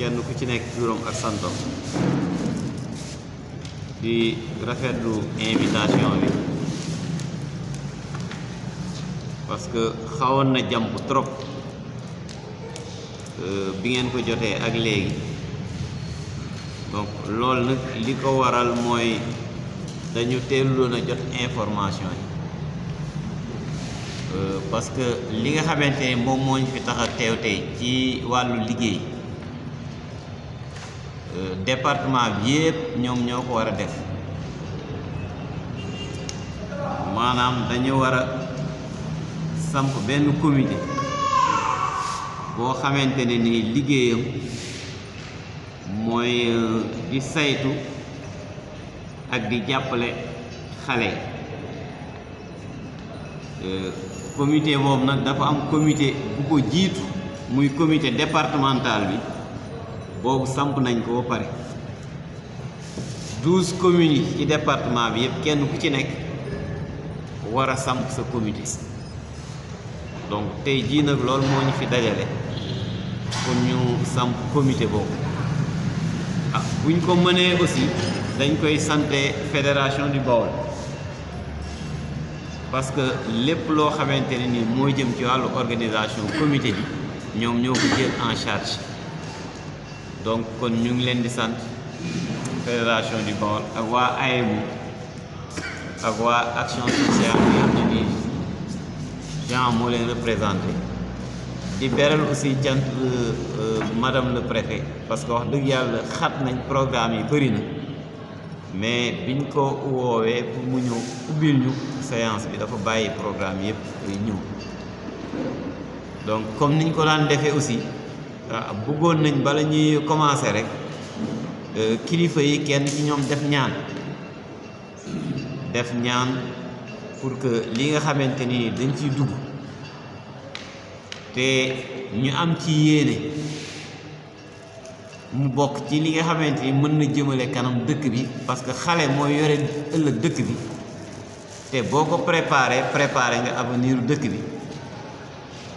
kenn ku ci nekk turam ak santam di rafetlu invitation bi parce que xawoon na jàmp trop euh, bi ngeen ko jotee ak léegi donc loolu nag li ko waral mooy dañu teeloon a jot information yi euh, parce que li nga xamante ni moom moo ñu fi tax a teew tey ci wàllu liggéey. Euh, département bi yëpp ñoom ñoo ko war a def maanaam dañu war a samp benn comité boo xamante ne nii liggéeyam mooy euh, di saytu ak di jàppale xale yi euh, comité moom nag dafa am comité bu ko jiitu muy comité départemental bi boobu samp nañ ko ba pare douze communes yi ci département bi kenn ku ci nek wara samp sa comité donc tay jii nak lool moo ñu fi dajale pour ñu samp comité boobu ah buñ ko mënee aussi dañ koy santé fédération du Baol parce que lepp lo xamante ne ni mooy jëm ci walu organisation comité bi ñom ñoo ko jël en charge donc kon ñu ngi leen di sant fédération du Baol ak waa AEMO ak action sociale bi nga xam Jean leen représenté di beral aussi jant euh, euh, madame le préfet parce que wax dëgg yàlla xat nañ programme yi bëri na mais biñ ko woowee pour mu ñëw ubbil ñu séance bi dafa bàyyi programme yëpp ñëw donc comme niñ ko daan defee aussi waaw ah, bëggoon nañ bala ñuy commencé rek euh, kilifa yi kenn ci ñoom def ñaan def ñaan pour que li nga xamante ni dañ ciy dugg te ñu am ci yéene mu bokk ci li nga xamante ni mën na jëmale kanam dëkk bi parce que xale mooy yore ëllëg dëkk bi te boo ko préparé préparé nga avenir dëkk bi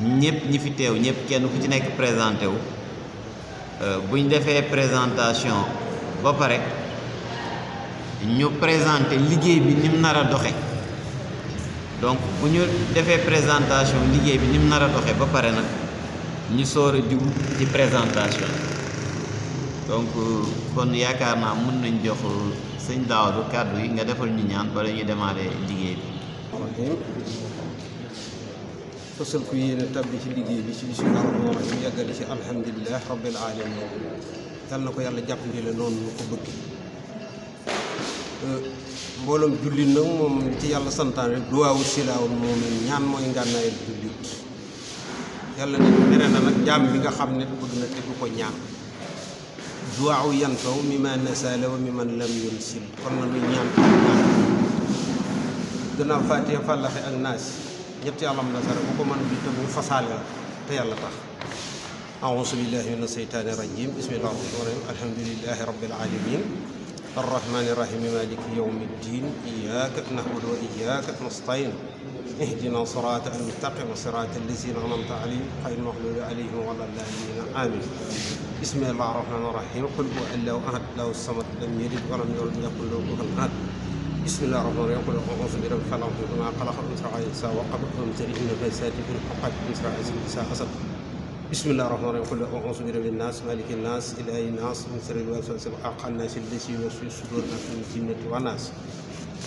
ñëpp ñi fi teew ñëpp kenn ku ci nekk présenté wu euh, bu ñu defee présentation ba pare ñu présenté liggéey bi ni mu nar a doxe donc bu ñu defee présentation liggéey bi ni mu nar a doxe ba pare nag ñu soor a jug ci présentation donc euh, kon yaakaar naa mën nañ jox sëñ Daawdu kàddu yi nga defal ñu ñaan bala ñu liggéey bi fësal ko yéene tàbbi ci liggéey bi ci bismillaahi rahim yàggale ci alhamdulilah rabbil alamin yal na ko yàlla jàpp la noonu ñu ko bëgg euh, mbooloom jullit nag moom ci yàlla santaan rek duwaawu silaawul moom ñaan mooy ngànnaayal jullit yàlla ne mere na nag jaam bi nga xam ne bëgg na te du ko ñaan duwaawu yantaw mi ma nasala wa mi man lam yunsil kon na luy ñaan gannaaw faatiha fàllaxe ak naas ñëpp ci alhamdulilah bu ko mën di mu fasaale la te yàlla tax أعوذ بالله من الشيطان الرجيم بسم الله الرحمن الرحيم الحمد لله رب العالمين الرحمن الرحيم مالك يوم الدين إياك نعبد وإياك نستعين اهدنا صراط المستقيم صراط الذين أنعمت عليهم غير المغضوب عليهم ولا الضالين آمين بسم الله الرحمن الرحيم قل هو الله أحد له الصمد لم يلد ولم يولد ولم يكن له كفوا أحد بسم الله الرحمن الرحيم قل اعوذ برب الفلق وما خلق مثل عيسى وقبل امتلئ من في الحق مثل عيسى عيسى اسد بسم الله الرحمن الرحيم قل اعوذ برب الناس مالك الناس اله الناس من شر الوسواس حق الناس الذي يوسوس صدور الناس من الجنه والناس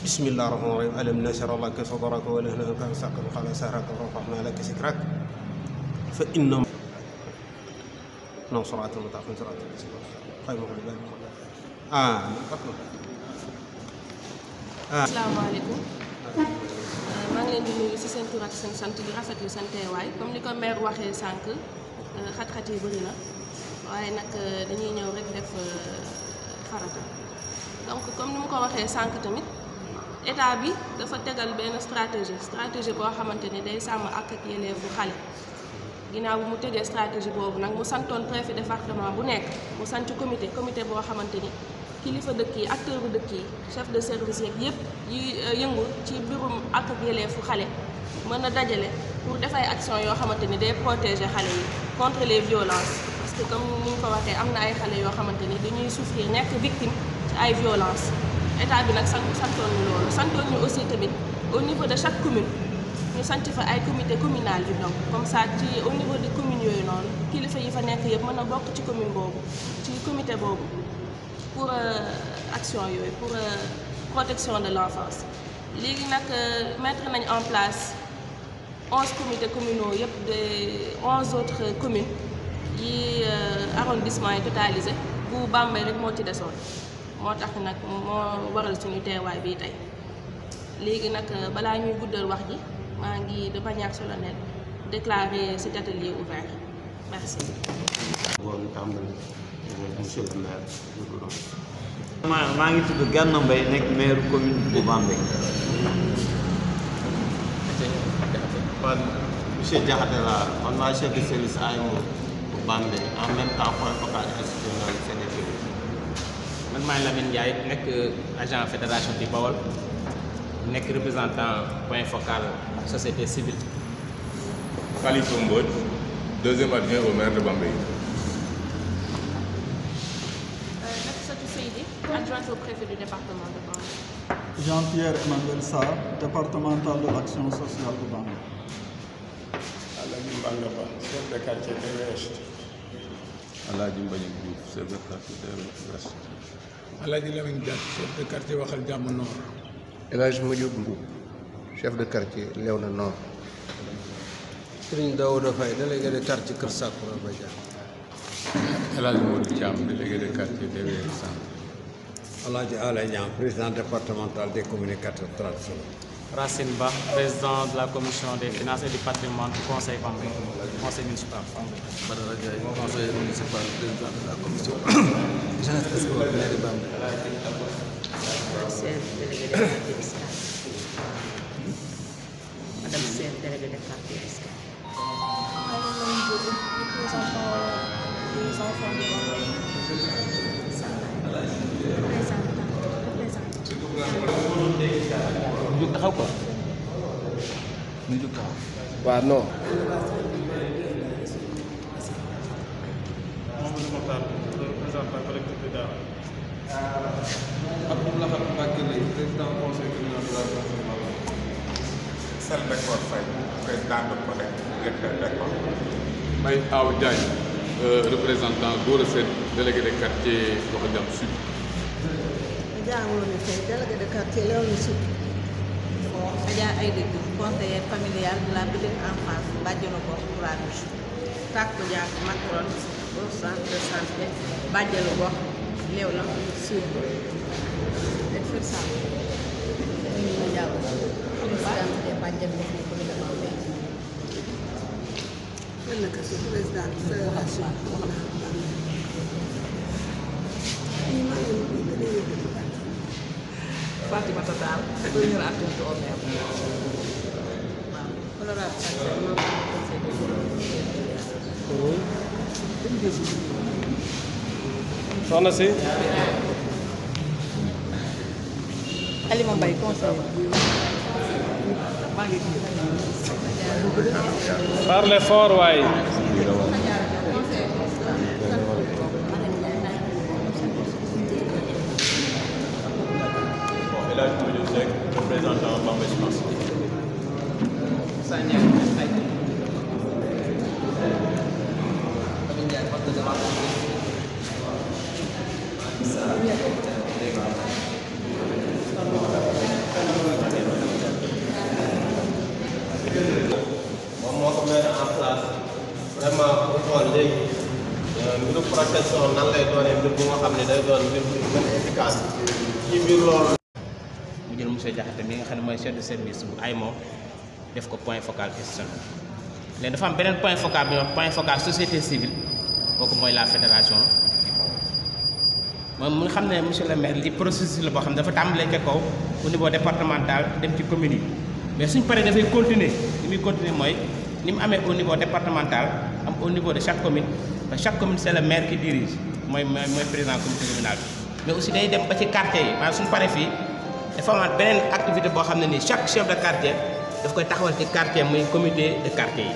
بسم الله الرحمن الرحيم الم نشر لك صدرك ولهنا لك ساقك قال سهرك ورفعنا لك سكرك فان نصرات نعم، المتعفن صراط الذين خير من العباد آمين آه. asalaamaaleykum euh, maa ngi leen di nuyu si seen tur seen sant di rafetlu seen teewaay comme ni ko maire waxee sànq euh, xat-xat yi bëri na waaye nag euh, dañuy ñëw rek def farata donc comme ni mu ko waxee sànq tamit état bi dafa tegal benn stratégie stratégie boo xamante ni day sàmm ak ak yelleefu xale ginnaaw bu mu tegee stratégie boobu nag mu santoon préfet département bu nekk mu sant comité comité boo xamante ni kilifa dëkk yi acteur bu dëkk yi chef de service yeeg yëpp yi euh, yëngu ci mbirum ak ak yelleefu xale mën a dajale pour def ay action yoo xamante ni day protéger xale yi contre les violences parce que comme ni ñu ko waxee am na ay xale yoo xamante ni dañuy souffrir nekk victime ci ay violences état bi nag sant santoon ñu loolu santoon ñu aussi tamit au niveau de chaque commune ñu sant fa ay comité communal yu ndaw comme ça ci au niveau de commune yooyu noonu kilifa yi fa nekk yëpp mën a bokk ci commune boobu ci comité boobu pour euh, action yoy pour euh, protection de l'enfance légui nak euh, mettre nañ en place 11 comités communaux yep de 11 autres communes yi arrondissement yi totalisé bu Bambey rek mo ci desoon motax nak mo moo waral suñu téway bi tay légui nak bala ñuy guddal wax ji ma ngi de manière solennelle déclarer cet atelier ouvert merci. monsieur maa maa ngi tudd Gana Mbaye nekk maire commune bu Bambey kon monsieur Diakhaté man maa chef de service AMO bu en même temps point focal institutionnel Sénégal man maay Lamine Ndiaye nekk agent fédération du Bawol nekk représentant point focal société civile Khalifa Mbodj deuxième adjoint au maire de Bambey sous-préfet du département de Bangui. Jean-Pierre Emmanuel Sarr, départemental de l'action sociale de Bangui. Aladji Mbangaba, chef de quartier de l'Ouest. Aladji Mbagnik chef de quartier de l'Ouest. Aladji Lamine chef de quartier Waxal Diam Nord. Elhadj Modioub chef de quartier Léona Nord. Serigne Daouda Faye, délégué de quartier Kër Sakoura Badiane. El délégué de quartier Deweer Centre. Aladji Alagnan, président départemental des communicateurs traditionnels. Racine Bach, président de la commission des finances et du patrimoine du conseil Bambé, conseil municipal. Badara conseil municipal, président de la commission. Jeannette Esco, maire de Bambé. Madame Sène, déléguée de quartier fiscal. Madame Sène, déléguée de quartier enfants. mu jóg taxaw quoi mu jóg taxaw. waaw non. Mamadou euh, Mokhtar représentant collectivité Dara. de président de CODEC Aw Diagne représentant délégué de quartier Ndoxal Jàmm Sud. daa waroon tey délégué de quartier Léona Sud Adja Aïda Diouf conseillère familiale de la petite enfance bàjjenu gox Croix-Rouge tàkku jaar Macron au centre de santé bàjjenu gox Léona Sud président Fátima Tatar, Junior Adjunto Omel. Ya. soxna si. Alima Mbaye conseil. Gitu? Parle fort kesannya item penjara waktu bisa moom moo ko mel doon mbir bu efficace ci mbir loolu mu jël monsieur Diakhaté mi nga chef de service bu def ko point focal gestion léegi dafa am beneen point focal bi point focal société civile kooku mooy la fédération moom mu xam ne monsieur le maire li processus la boo xam dafa tàmbalee ca kaw au niveau départemental dem ci commune yi mais suñ paree dafay continuer li muy continuer mooy ni mu amee au niveau départemental am au niveau de chaque commune chaque commune c'est le maire qui dirige mooy mooy mooy président comité communal bi mais aussi day dem ba ci quartier yi maanaam suñ paree fii dafa amaat beneen activité boo xam ne nii chaque chef de quartier daf koy taxawal ci quartier muy comité de quartier yi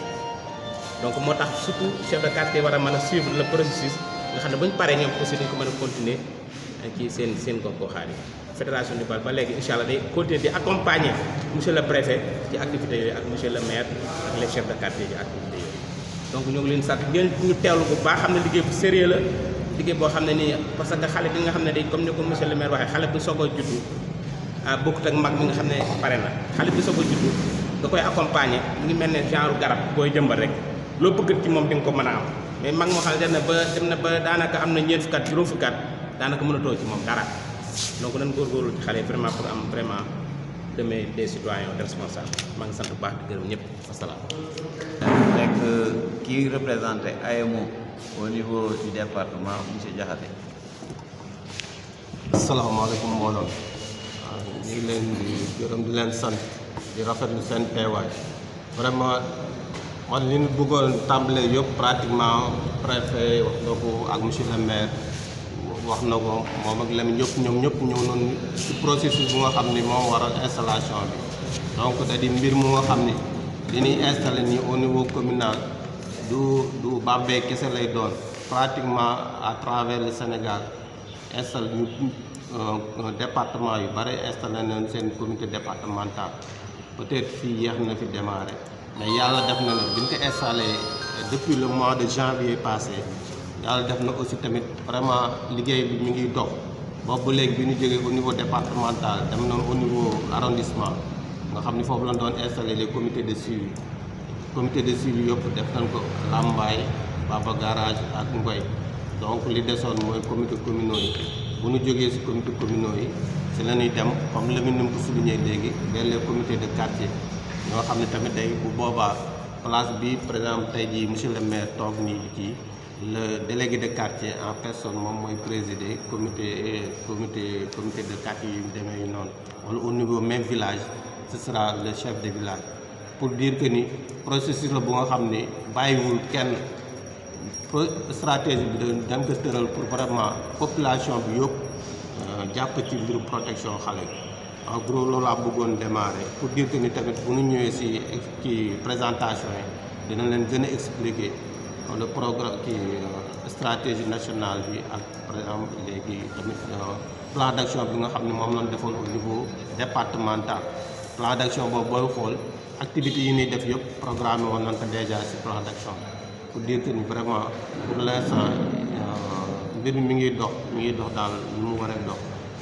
donc moo tax surtout chef de quartier war a mën a suivre le processus nga xam ne bu ñu paree ñoom aussi dañ ko mën a continuer ci seen seen gox-goxaan yi fédération du bal ba léegi incha allah day continuer di accompagner monsieur le préfet ci activité yooyu ak monsieur le maire ak les chefs de quartier ci activités yooyu. donc ñoo ngi leen sant ngeen ñu teewlu bu baax xam ne liggéey bu sérieux la liggéey boo xam ne nii parce que xale bi nga xam ne day comme ni ko monsieur le maire waxee xale bi soog a juddu ah bokkut ak mag mi nga xam ne pare na xale bi soog a juddu. da koy accompagner ngi mel genre garab booy jëmbal rek loo bëgg ci moom di ko mën am mais mag moo xam ne ba dem na ba daanaka am na ñeent fukkat juróom fukkat daanaka mënatoo ci moom dara donc nañ góorgóorlu ci xale vraiment pour am vraiment des citoyens sant baax gërëm ñëpp rek euh, AMO au niveau du département monsieur leen di gërëm di leen sant. di lu seen teewaay vraiment man li ñu bëggoon tàmbalee yëpp pratiquement préfet wax na ak monsieur le wax na ko moom ak Lamine ñëpp ñoom ñëpp ñëw noonu ci processus bu nga xam ni moo waral installation bi donc da mbir mu nga xam ni li ñuy installé nii au niveau communal du du Bambey kese lay doon pratiquement à travers le Sénégal installé ñu euh, euh, département yu bari installé nañ seen comité départemental peut-être fi yéex na fi démarré mais yalla def na nag bi ko installé euh, depuis le mois de janvier passé yalla def na aussi tamit vraiment liguey bi mi ngi dox bobu léegi bi ñu jógee au niveau départemental dem noonu au niveau arrondissement nga xamni fofu foofu lañ doon installé les comités de suivi comité de suivi yop def nañ ko Lambaye Baba Garage ak Ngoy donc li déssone moy comité communautaire, yi bu ñu jógee si comité communaux ci la dem comme le minimum que mu légui souligné léegi les de quartier ñoo xamné tamit day bu boba place bi par exemple tey jii monsieur le maire tok ni ki le délégué de quartier en personne mom moy présider comité comité comité de quartier yu demee non wala au niveau même village ce sera le chef de village pour dire que ni processus la bu nga xam ne bàyyiwul kenn stratégie bi dañ ko tëral pour vraiment population bi yëpp jàpp ci mbirum protection xale yi en gros loolu laa bëggoon démarrer pour dire que ni tamit bu ñu ñëwee si ci présentation yi dina leen gën a expliquer walla programme ki euh, stratégie nationale bi ak par exemple léegi tamit euh, plan d'action bi nga xam ne moom lañ defoon au niveau départemental plan d'action boobu booy xool activité yi ñuy def yëpp programme woon nañ ko déjà si plan pour dire que ni vraiment pour l'instant euh, mbir mi mi ngi dox mi ngi dox daal ni mu waree dox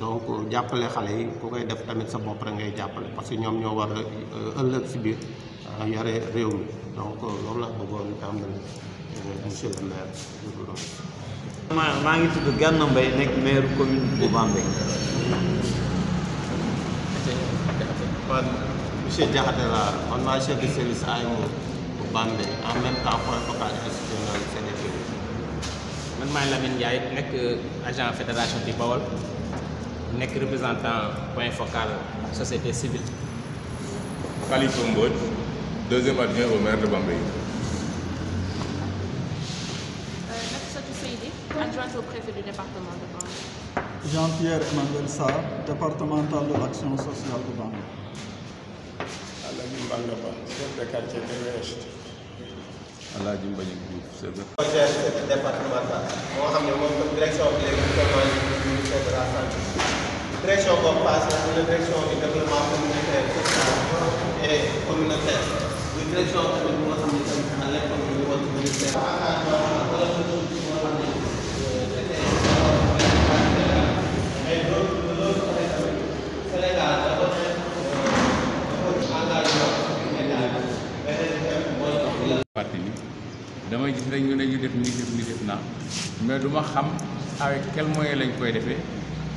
donc jàppale xale yi ku koy def tamit sa bopp ngay jàppale parce que ñoom ñoo war a euh, ëllëg si biir euh, yare réew mi donc euh, loolu laa bëggoon tàmbali monsieur le maa ngi tudd Gana Mbaye nekk maire commune bu Bambey. man monsieur Diakhaté laa man maa chef de service AMO bu Bambey en même temps point focal institutionnel CDP. man maay Lamine Ndiaye nekk agent fédération du Bawol. nekk représentant point focal société civile. Khalifa deuxième adjoint au maire de Bambey. Nafissatou euh, Seydi adjoint au préfet du département de Bambey. Jean-Pierre Emmanuel Sa, départemental de l'action sociale de Bambey. Allah Mballa chef de quartier de Ouest. Alhaji Mbagnick chef de. conseil départemental moo xam ne moom direction de léegi du ministère de la santé. Ratio compass angular ratio is double mapped to a communal test. With ratio of the more summation and left of the world communal test. damay gis rek ñu ne ñu def nii def nii def naa mais du ma xam avec quel moyen lañ koy defee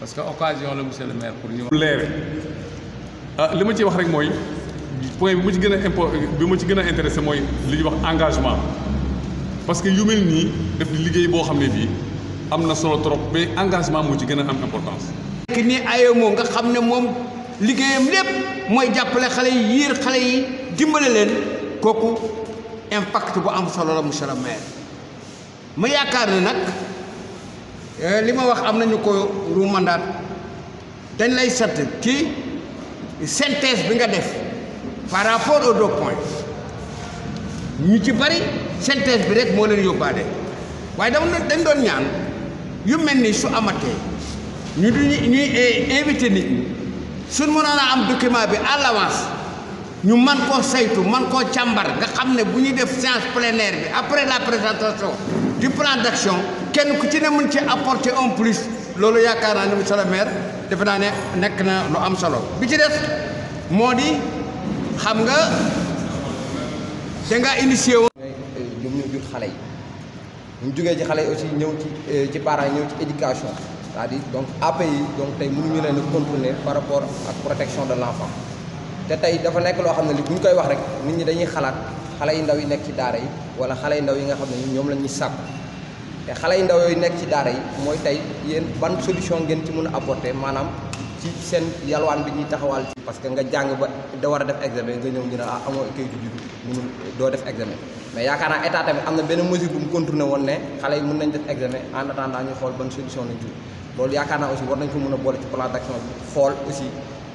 parce que occasion la monsieur le maire pour ñu. leere ah li ma ci wax rek mooy point bi ma ci gën a impo bi ma ci gën a intéressé mooy li ñuy wax engagement parce que yu mel nii def liggéey boo xam ne bii am na solo trop mais engagement moo ci gën a am importance. nekk ni ayomo nga xam ne moom liggéeyam lépp mooy jàppale xale yi yiir xale yi dimbale leen kooku impact bu am solo la monsieur le maire ma yaakaar ne nag. Eh, li ma wax am nañu ko rumandaat dañ lay sant ci synthèse bi nga def par rapport aux deux points ñu ci bari synthèse bi rek moo leen yóbbaale waaye dama dañ doon ñaan yu mel ni su amatee ñu du ñuy eh, invité nit ñi suñ mënoon a am document bi à ñu man koo saytu man koo càmbar nga xam ne bu ñuy def séance plénière bi après la présentation du plan d'action kenn ku ci ne mën ci apporter un plus loolu yaakaar anu naa ne monsieur le maire defe naa ne nekk na lu am solo bi ci des eh, moo xam nga da ngaa initié woon. ñoom ñoo jur yi ñu jugee ci xale aussi ñëw ci ci parents yi ci éducation c'est-à-dire donc API donc tey mënuñu leen a contourner par rapport ak protection de l'enfant te tey dafa nekk loo xam ne li bu ñu koy wax rek nit ñi dañuy xalaat xale yu ndaw yi nekk ci daara yi wala xale yu ndaw yi nga xam ne ñoom la ñuy te xale yu ndaw yooyu nekk ci daara yi mooy tey yéen ban solution ngeen ci mën a maanaam ci seen yalwaan bi ñuy taxawal ci parce que nga jàng ba dawar a def examen nga ñëw ñu ne ah, amoo kayitu juddu mënul doo def examen mais naa état tamit am na benn mesure bu woon ne xale yi mën nañ def examen en attendant xool ban solution lañ jur loolu yaakaar naa aussi war nañ ko mën a boole ci plan d'action bi xool aussi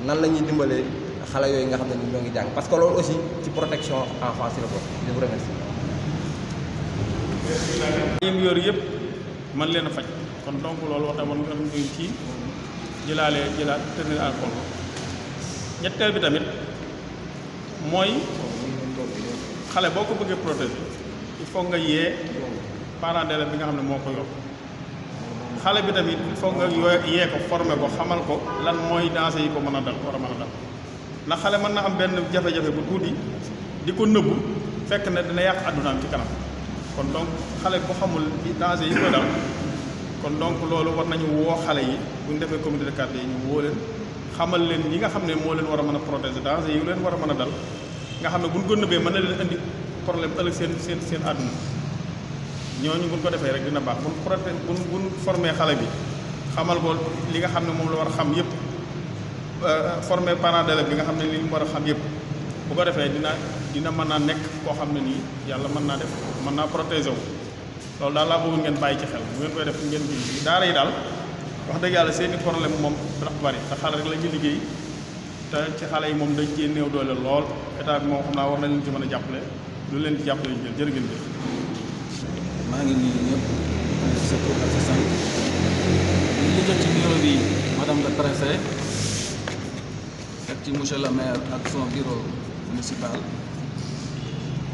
nan la ñuy dimbalee xale yooyu nga xam ne ñoo ngi jàng parce que loolu aussi ci protection enfance la ko je vous remercie yéen yooyu bi tamit mooy xale boo ko protéger il faut nga yee parent d'élève bi nga xam ne yor bi tamit il faut nga ko former ko xamal ko lan moy danger yi ko mën dal war a dal ndax xale mën am benn jafe-jafe bu tuuti fekk dina ci kanam. kon donc xale bu xamul danger yi ko dal kon donc loolu war nañu woo xale yi bu defee comité de quartier yi ñu woo leen xamal leen yi nga xam ne moo leen war a mën a protéger danger leen war a mën a dal nga xam ne bu ñu ko nëbbee mën na leen indi problème ëllëg seen seen seen ñu ko defee rek dina baax bu ñu proté bu ñu formé xale bi xamal ko li nga xam ne moom la war a xam yëpp euh, formé parent d'élève bi nga xam ne li mu war a xam yëpp bu ko defee dina. dina mën naa nekk koo xam ne nii yàlla mën naa def mën naa protéger wu loolu daal laa bëgg ngeen bàyyi ci xel bu ngeen koy def ngeen gis daara yi daal wax dëgg yàlla seeni problème moom dafa bari te xale rek la ñuy liggéey te ci xale yi moom dañ cee néew doole lool état bi moom xam naa war na leen ci mën a jàppale lu leen ci jàppale jël jërë ngeen jëf maa ngi nuyu ñëpp sa tur ak sa sant li jot ci bureau bi madame le préfet ak ci monsieur le maire ak son bureau municipal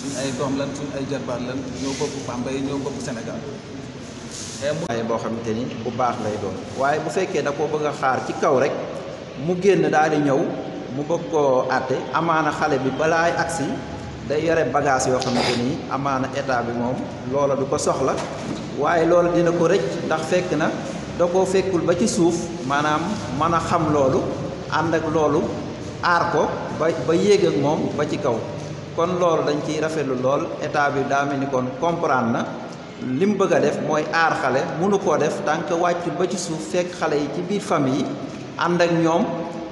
suñ ay doom lan suñ ay jarbaat lan ñoo bokk Bambey ñoo bokk Sénégal eh, waaye boo xamante ni bu baax lay doon waaye bu fekkee da ko bëgg a xaar ci kaw rek mu génn daal di ñëw mu bëgg koo àtte amaana xale bi balaay agsi day yore bagage yoo xamante nii amaana état bi moom loola du ko soxla waaye loola dina ko rëcc ndax fekk na da koo fekkul ba ci suuf maanaam mën a xam loolu ànd ak loolu aar ko ba ba yéeg ak moom ba ci kaw kon loolu dañ ciy rafetlu lool état bi daa mel ni kon comprendre na li mu bëgg a def mooy aar xale mënu koo def tant que wàccul ba ci suuf fekk xale yi ci biir yi ànd ak ñoom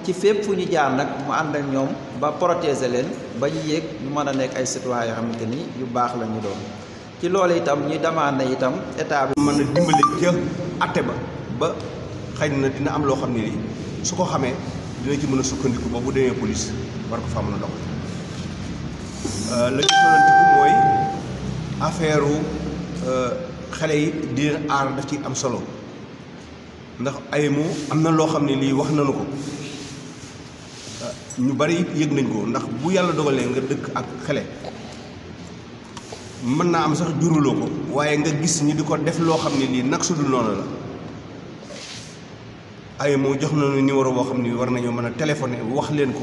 ci fépp fu ñu jaar nag mu ànd ak ñoom ba protéger leen ba ñu yéeg ñu mën a nekk ay citoyen yoo xamante ni yu baax la ñu doon ci loolu itam ñuy demandé itam état bi. mën na dimbali ca atte ba ba xëy na dina am loo xam ne lii su ko xamee dina ci mën a sukkandiku ba bu demee police war ko faa la ci doon mooy affaire euh, xale yi diir aar daf ci am solo ndax ay mu am na loo xam ne lii wax nañu ko euh, ñu bari yëg nañ ko ndax bu yàlla dogalee nga dëkk ak xale mën naa am sax juruloo ko waaye nga gis ñi di ko def loo xam ne lii nag su dul noonu la ay mu jox nañu numéro boo xam ne war nañoo mën a téléphoner wax leen ko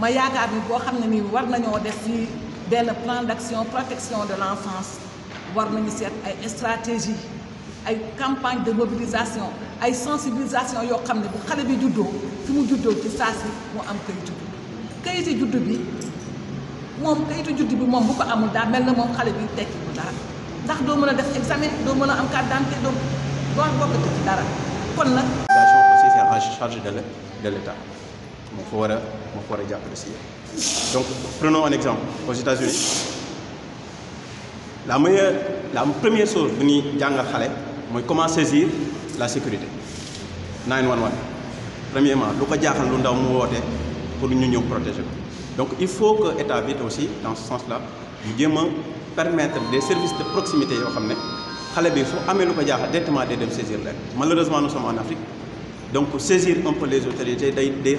ma yaakaar ni boo xam ne nii war nañoo def fii dès le plan d'action protection de l'enfance war nañu seet ay stratégie ay campagne de mobilisation ay sensibilisation yoo xam ne bu xale bi juddoo fi mu juddoo ci saa si mu am kayitu kayitu juddu bi moom kayitu juddu bi moom bu ko amul daa mel na moom xale bi tekki bu dara ndax doo mën a def examen doo mën a am carte d'identité doo doo bokk ci dara kon nag. situation aussi c'est en charge de l'État je fa déjà donc prenons un exemple aux États-Unis la meilleure la première chose bu ñuy jàngal xale est comment saisir la sécurité 911 premièrement 1 premièrement lu ndaw pour nous protéger donc il faut que l'État vite aussi dans ce sens là permettre des services de proximité Il faut ne bi à directement saisir malheureusement nous sommes en Afrique donc saisir un peu les autorités c'est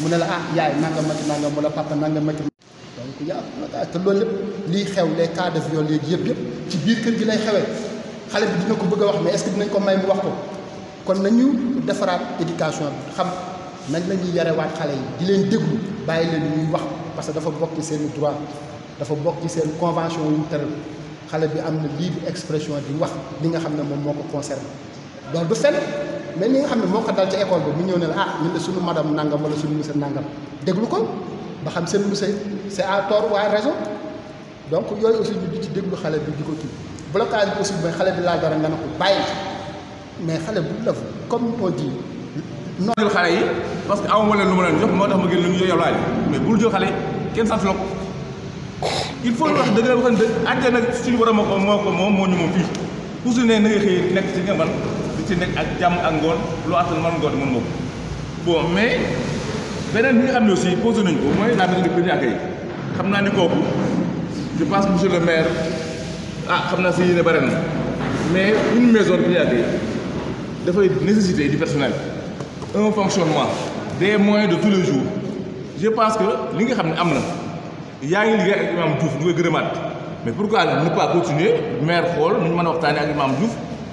mu ne la ah yaay nangam ak nangam la papa nangam ak donc ya te loolu lépp li xew les cas de viol léegi yëpp yëpp ci biir kër gi lay xewé xale bi dina ko bëgg wax mais est-ce que dinañ ko may mu wax ko kon nañu defaraat éducation xam nañ la ñuy yarewaat xale yi di leen déglu bàyyi leen ñuy wax parce que dafa bokk ci seen droit dafa bokk ci seen convention yu ñu xale bi am libre expression di wax li nga xam ne moom moo ko du fenn. mais ni nga xam ne moo ko dal ci école bi mu ñëw ne la ah ñun de suñu madame nangam wala suñu monsieur nangam déglu ko ba xam seen monsieur c'est à tort ou à raison donc yooyu aussi ñu di ci xale bi di ko kii blocage xale bi laaj dara nga ne ko bàyyi mais xale bu lëf comme on dit noonu xale yi parce que awma leen lu ma leen jox moo tax ma gën lu ñu yow mais bul jël xale kenn sant la il faut wax dëgg la waxan dëgg àjjana suñu borom moo ko ko moom moo ñu moom fii pousu ne na nga nekk ci nga man ci nekk ak jàmm ak ngoon lu attan man ngoon mën nga bon mais beneen bi nga xam aussi posé nañu ko mooy la maison du premier accueil xam naa ni je pense monsieur le maire ah xam naa si yéen a mais une maison du premier accueil dafay nécessiter du personnel un fonctionnement des moyens de tous les jours je pense que li nga xam ne am na yaa ngi liggéey ak imam Diouf ñu koy gërëmaat mais pourquoi ne pas continuer maire xool ñu mën a waxtaanee ak imam Diouf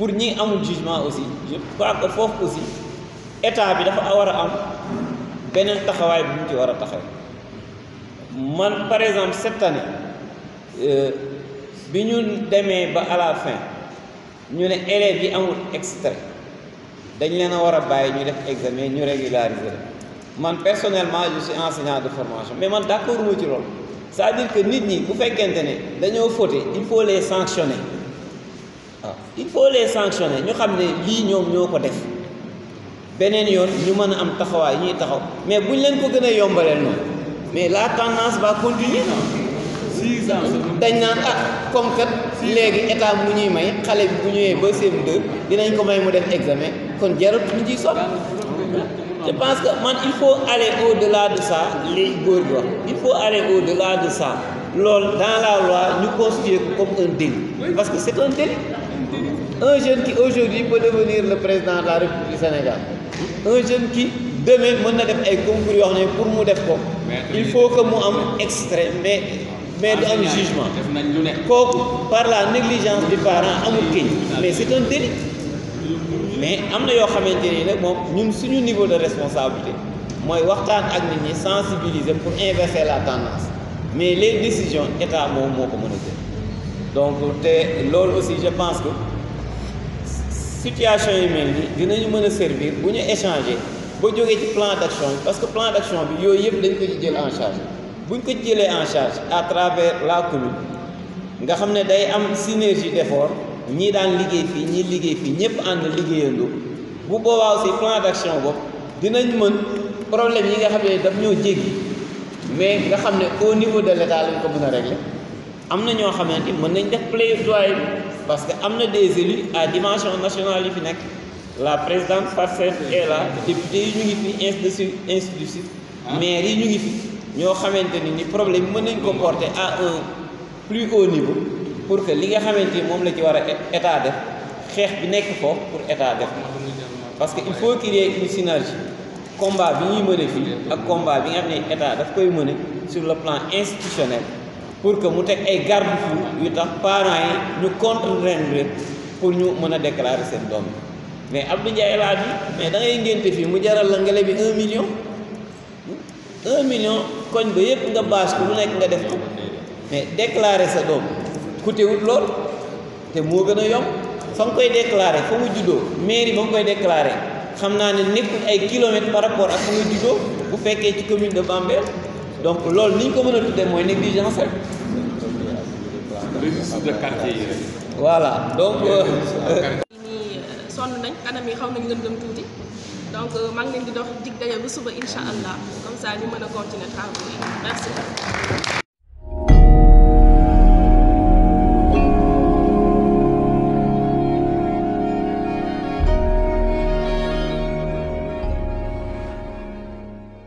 pour ñi amul jugement aussi je crois que foofu aussi état bi dafa wara am benen taxaway bu mu ci wara a taxaw man par exemple cette année euh biñu démé ba à la fin ñu né élèves yi amul extrait dañ leena wara bay ñu def examen ñu régulariser man personnellement je suis enseignant de formation mais man d'accord mu ci lool c'est-à-dire que nit ñi bu fekkente ne dañoo fauté il faut les sanctionner il faut les sanctionner ñu xamné li ñom ñoko def benen yoon ñu mëna am taxawaay ñi taxaw mais buñ leen ko gëna a yombaleel mais la tendance va continuer six ans dañ naan ah comme kat légui état mu ñuy may xalé bi bu ñëwee ba CM2 dinañ ko may mu def examen kon jarut ñu ci sot je pense que man il faut aller au-delà de ça li góor gi wax il faut aller au-delà de ça loolu dans la loi ñu constituer comme un délit parce que c'est un délit un jeune qui aujourd'hui peut devenir le président de la République du Sénégal. Un jeune qui demain peut na def concours pour mu def il faut que nous am extrêmes, mais mais jugement. par la négligence des parents, mais c'est un délit. mais nous avons un xamante ni niveau de responsabilité Moi, je suis nit sensibiliser pour inverser la tendance mais les décisions sont à moi, communauté. donc aussi je pense que. situation yu mel ni dinañu mën a servir bu ñu échanger ba jógee ci plan d'action bi parce que plan d'action bi yooyu yëpp dañ ko ci jël en charge ñu ko ci jëlee en charge à travers la commune nga xam ne day am synergie d'effort ñii daan liggéey fii ñii liggéey fii ñëpp ànd liggéeyandoo bu boobaa aussi plan d'action boobu dinañ mën problème yi nga xam ne daf ñoo jéggi mais nga xam ne au niveau de l'état lañ ko mën a régler am na ñoo xamante mën nañ def plaidoyer bi parce que am des élus à dimension nationale yi fi la présidente Fassel est là député députés ñu ngi fi ainsi Mais suite ainsi de suite ah. maire yi ñu ngi fi ñoo ni problème à un plus haut niveau pour que li nga xamante ni la ci war état def xeex bi nekk pour état def parce qu'il faut qu'il y ait une synergie combat bi ñuy mëne fii ak combat bi nga mené ne état daf koy sur le plan institutionnel pour que mu teg ay garde-fous yu tax parent yi ñu contraindre pour ñu mën a déclarer seen doom mais Abdou Ndiaye laa bi mais da ngay fii mu jaral la ngele bi un million un million koñ ba yëpp nga baas ko lu nekk nga def ko mais déclarer sa doom coûtewul lool te moo gën a yomb fa nga koy déclarer fa mu juddoo mairie ba nga koy déclarer xam naa ne nekkul ay kilomètres par rapport ak fa nga juddoo bu fekkee ci commune de Bambey donc loolu ni kau ko mën ini tuddee mooy voilà donc. Euh, euh, euh, donc di allah merci.